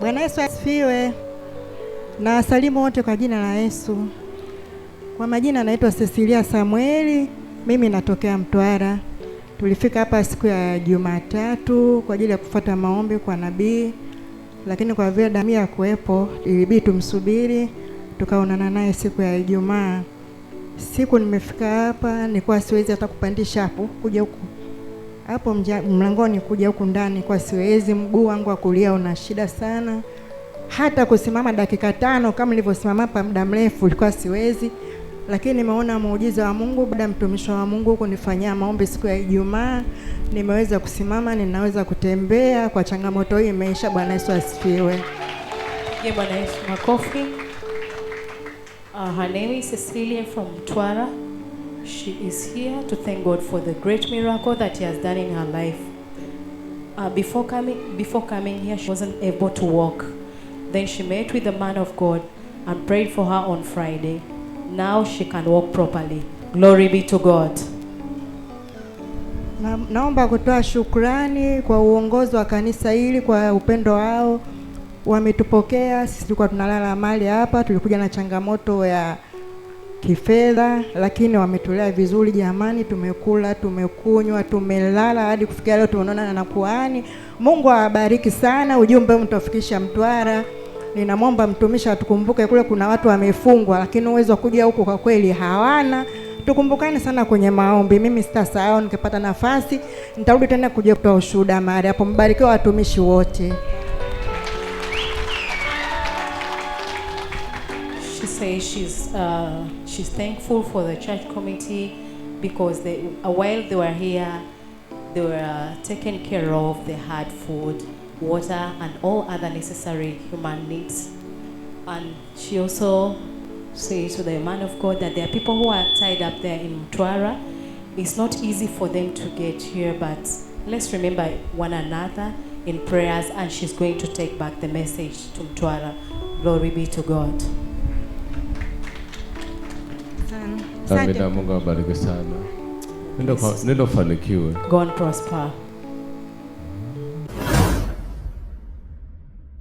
Bwana Yesu asifiwe. Na wasalimu wote kwa jina la Yesu. Kwa majina naitwa Cecilia Samueli, mimi natokea Mtwara. Tulifika hapa siku ya Jumatatu kwa ajili ya kufuata maombi kwa nabii, lakini kwa vile Damia kuwepo ilibidi tumsubiri, tukaonana naye siku ya Ijumaa. Siku nimefika hapa nilikuwa siwezi hata kupandisha hapo kuja huku hapo mlangoni kuja huku ndani kwa siwezi, mguu wangu wa kulia una shida sana, hata kusimama dakika tano kama nilivyosimama hapa muda mrefu ilikuwa siwezi, lakini nimeona muujiza wa Mungu baada ya mtumishi wa Mungu kunifanyia maombi siku ya Ijumaa, nimeweza kusimama, ninaweza kutembea kwa changamoto hii imeisha. Bwana Yesu asifiwe. Je, Bwana Yesu makofi. Uh, her name is Cecilia from Mtwara. She is here to thank God for the great miracle that He has done in her life. Uh, before coming before coming here, she wasn't able to walk. Then she met with the man of God and prayed for her on Friday. Now she can walk properly. Glory be to God. Na, naomba kutoa shukrani kwa uongozi wa kanisa hili kwa upendo wao. Wametupokea sisi, tulikuwa tunalala mali hapa, tulikuja na changamoto ya kifedha, lakini wametulea vizuri jamani. Tumekula, tumekunywa, tumelala hadi kufikia leo tunaonana na kuani. Mungu awabariki sana. Ujumbe mtafikisha Mtwara. Ninamwomba mtumishi atukumbuke, kule kuna watu wamefungwa, lakini uwezo wa kuja huku kwa kweli hawana. Tukumbukane sana kwenye maombi. Mimi sitasahau, nikipata nafasi nitarudi tena kuja kutoa ushuhuda mahali hapo. Mbarikiwa watumishi wote. say she's uh, she's thankful for the church committee because they, uh, while they were here, they were uh, taken care of. They had food, water, and all other necessary human needs. And she also says to the man of God that there are people who are tied up there in Mtwara. It's not easy for them to get here, but let's remember one another in prayers. And she's going to take back the message to Mtwara. Glory be to God. Amina, Mungu awabariki sana. Nenda fanikiwe. Go and prosper.